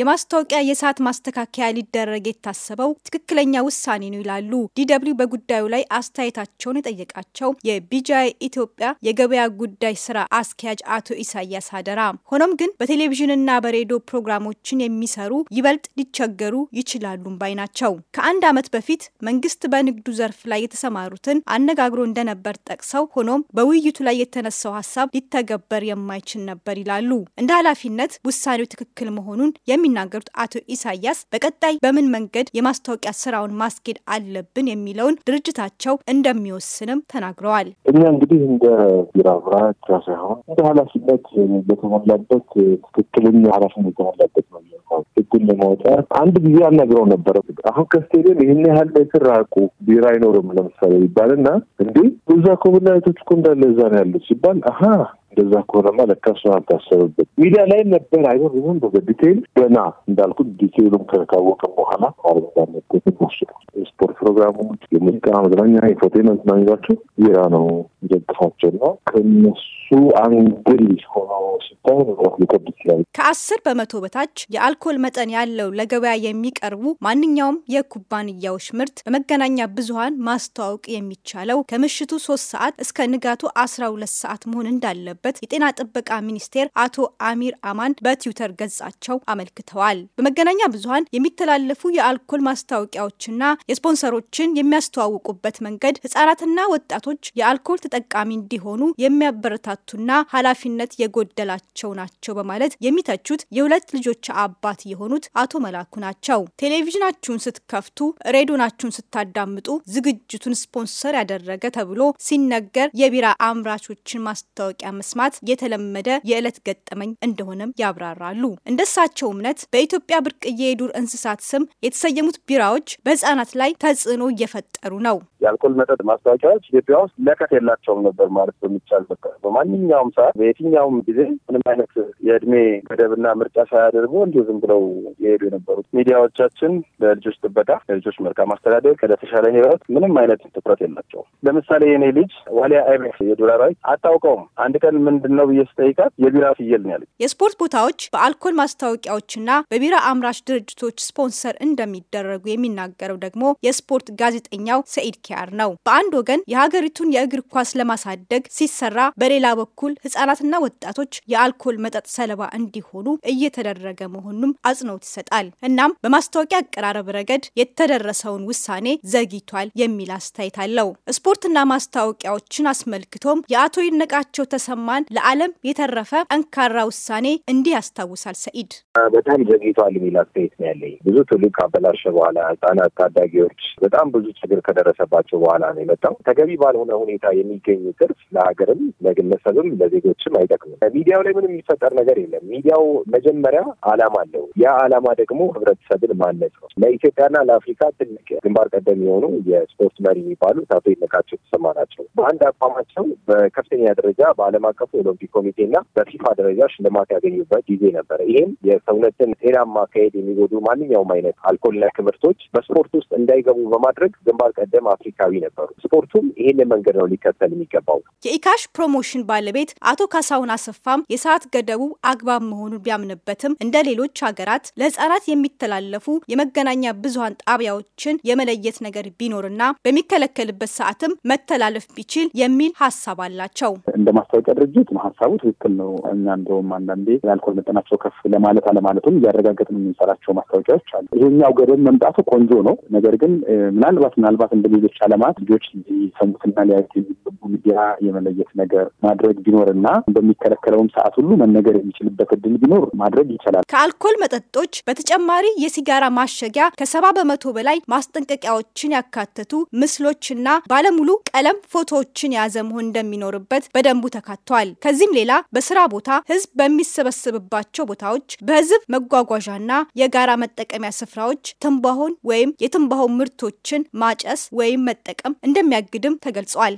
የማስታወቂያ የሰዓት ማስተካከያ ሊደረግ የታሰበው ትክክለኛ ውሳኔ ነው ይላሉ ዲደብሊው በጉዳዩ ላይ አስተያየታቸውን የጠየቃቸው የቢጃይ ኢትዮጵያ የገበያ ጉዳይ ስራ አስኪያጅ አቶ ኢሳያስ አደራ። ሆኖም ግን በቴሌቪዥንና በሬዲዮ ፕሮግራሞችን የሚሰሩ ይበልጥ ሊቸገሩ ይችላሉም ባይ ናቸው። ከአንድ ዓመት በፊት መንግስት በንግዱ ዘርፍ ላይ የተሰማሩትን አነጋግሮ እንደነበር ጠቅሰው ሆኖም በውይይቱ ላይ የተነሳው ሀሳብ ሊተገበር የማይችል ነበር ይላሉ። እንደ ኃላፊነት ውሳኔው ትክክል መሆኑን የሚ የሚናገሩት አቶ ኢሳያስ በቀጣይ በምን መንገድ የማስታወቂያ ስራውን ማስኬድ አለብን የሚለውን ድርጅታቸው እንደሚወስንም ተናግረዋል። እኛ እንግዲህ እንደ ቢራ ብራት ሳይሆን እንደ ኃላፊነት በተሞላበት ትክክለኛ ኃላፊነት የተሞላበት ነው ህጉን ለማውጣት አንድ ጊዜ አናግረው ነበረ። አሁን ከስቴዲየም ይህን ያህል ሜትር ራቁ ቢራ አይኖርም ለምሳሌ ይባልና እንዲህ ብዙ ኮ ብላ ቤቶች እኮ እንዳለ እዛ ነው ያሉት ሲባል አሀ እንደዛ ከሆነማ ለካ እሱ አልታሰበበት ሚዲያ ላይ ነበር አይኖር ይሁን በ ገና እንዳልኩት ዲቴይሉም ከታወቀ በኋላ አረጋነት ወስደ የስፖርት ፕሮግራሞች፣ የሙዚቃ መዝናኛ፣ ኢንፎቴመንት ናሚዛቸው ዜራ ነው ይደግፋቸው እና ከነሱ እሱ አንድል ሆኖ ሲታይ ሊከብድ ይችላል። ከአስር በመቶ በታች የአልኮል መጠን ያለው ለገበያ የሚቀርቡ ማንኛውም የኩባንያዎች ምርት በመገናኛ ብዙኃን ማስተዋወቅ የሚቻለው ከምሽቱ ሶስት ሰዓት እስከ ንጋቱ አስራ ሁለት ሰዓት መሆን እንዳለበት የጤና ጥበቃ ሚኒስቴር አቶ አሚር አማን በትዊተር ገጻቸው አመልክተዋል። በመገናኛ ብዙኃን የሚተላለፉ የአልኮል ማስታወቂያዎችና የስፖንሰሮችን የሚያስተዋውቁበት መንገድ ህጻናትና ወጣቶች የአልኮል ተጠቃሚ እንዲሆኑ የሚያበረታ የተምታቱና ኃላፊነት የጎደላቸው ናቸው በማለት የሚተቹት የሁለት ልጆች አባት የሆኑት አቶ መላኩ ናቸው። ቴሌቪዥናችሁን ስትከፍቱ፣ ሬዲዮናችሁን ስታዳምጡ ዝግጅቱን ስፖንሰር ያደረገ ተብሎ ሲነገር የቢራ አምራቾችን ማስታወቂያ መስማት የተለመደ የዕለት ገጠመኝ እንደሆነም ያብራራሉ። እንደሳቸው እምነት በኢትዮጵያ ብርቅዬ የዱር እንስሳት ስም የተሰየሙት ቢራዎች በህጻናት ላይ ተጽዕኖ እየፈጠሩ ነው። የአልኮል መጠጥ ማስታወቂያዎች ኢትዮጵያ ውስጥ ለቀት የላቸውም ነበር ማለት በሚቻል በማ በማንኛውም ሰዓት በየትኛውም ጊዜ ምንም አይነት የእድሜ ገደብና ምርጫ ሳያደርጉ እንዲሁ ዝም ብለው የሄዱ የነበሩት ሚዲያዎቻችን ለልጆች ጥበቃ፣ ለልጆች መልካም አስተዳደር፣ ለተሻለ ሕይወት ምንም አይነት ትኩረት የላቸውም። ለምሳሌ የኔ ልጅ ዋሊያ አይቤስ የዱር አራዊት አታውቀውም። አንድ ቀን ምንድን ነው ብዬ ስጠይቃት የቢራ ፍየል ነው ያለች። የስፖርት ቦታዎች በአልኮል ማስታወቂያዎችና በቢራ አምራች ድርጅቶች ስፖንሰር እንደሚደረጉ የሚናገረው ደግሞ የስፖርት ጋዜጠኛው ሰኢድ ኪያር ነው። በአንድ ወገን የሀገሪቱን የእግር ኳስ ለማሳደግ ሲሰራ፣ በሌላ በኩል ህጻናትና ወጣቶች የአልኮል መጠጥ ሰለባ እንዲሆኑ እየተደረገ መሆኑም አጽንኦት ይሰጣል። እናም በማስታወቂያ አቀራረብ ረገድ የተደረሰውን ውሳኔ ዘግይቷል የሚል አስተያየት አለው። ስፖርትና ማስታወቂያዎችን አስመልክቶም የአቶ ይነቃቸው ተሰማን ለዓለም የተረፈ ጠንካራ ውሳኔ እንዲህ ያስታውሳል። ሰኢድ በጣም ዘግይቷል የሚል አስተያየት ነው ያለኝ። ብዙ ትውልድ ካበላሸ በኋላ ህጻናት፣ ታዳጊዎች በጣም ብዙ ችግር ከደረሰባቸው በኋላ ነው የመጣው። ተገቢ ባልሆነ ሁኔታ የሚገኝ ትርፍ ለሀገርም ለግለሰብ ለህብረተሰብም ለዜጎችም አይጠቅምም። ሚዲያው ላይ ምንም የሚፈጠር ነገር የለም። ሚዲያው መጀመሪያ ዓላማ አለው። ያ ዓላማ ደግሞ ህብረተሰብን ማነጽ ነው። ለኢትዮጵያና ለአፍሪካ ትልቅ ግንባር ቀደም የሆኑ የስፖርት መሪ የሚባሉት አቶ ይነቃቸው ተሰማ ናቸው። በአንድ አቋማቸው በከፍተኛ ደረጃ በዓለም አቀፉ ኦሎምፒክ ኮሚቴና በፊፋ ደረጃ ሽልማት ያገኙበት ጊዜ ነበረ። ይህም የሰውነትን ጤናማ አካሄድ የሚጎዱ ማንኛውም አይነት አልኮል ነክ ምርቶች በስፖርት ውስጥ እንዳይገቡ በማድረግ ግንባር ቀደም አፍሪካዊ ነበሩ። ስፖርቱም ይህንን መንገድ ነው ሊከተል የሚገባው። የኢካሽ ፕሮሞሽን ባለቤት አቶ ካሳሁን አሰፋም የሰዓት ገደቡ አግባብ መሆኑን ቢያምንበትም እንደ ሌሎች ሀገራት ለህጻናት የሚተላለፉ የመገናኛ ብዙሀን ጣቢያዎችን የመለየት ነገር ቢኖርና በሚከለከልበት ሰዓትም መተላለፍ ቢችል የሚል ሀሳብ አላቸው። እንደ ማስታወቂያ ድርጅት ሀሳቡ ትክክል ነው። እኛ እንደውም አንዳንዴ የአልኮል መጠናቸው ከፍ ለማለት አለማለቱም እያረጋገጥን የምንሰራቸው ማስታወቂያዎች አሉ። ይሄኛው ገደብ መምጣቱ ቆንጆ ነው። ነገር ግን ምናልባት ምናልባት እንደሌሎች አለማት ልጆች ሊሰሙትና ሊያዩት የሚገቡ ሚዲያ የመለየት ነገር ማድረግ ማካሄድ ቢኖርና በሚከለከለውም ሰዓት ሁሉ መነገር የሚችልበት እድል ቢኖር ማድረግ ይቻላል። ከአልኮል መጠጦች በተጨማሪ የሲጋራ ማሸጊያ ከሰባ በመቶ በላይ ማስጠንቀቂያዎችን ያካተቱ ምስሎችና ባለሙሉ ቀለም ፎቶዎችን የያዘ መሆን እንደሚኖርበት በደንቡ ተካቷል። ከዚህም ሌላ በስራ ቦታ ህዝብ በሚሰበሰብባቸው ቦታዎች፣ በህዝብ መጓጓዣና የጋራ መጠቀሚያ ስፍራዎች ትንባሆን ወይም የትንባሆ ምርቶችን ማጨስ ወይም መጠቀም እንደሚያግድም ተገልጿል።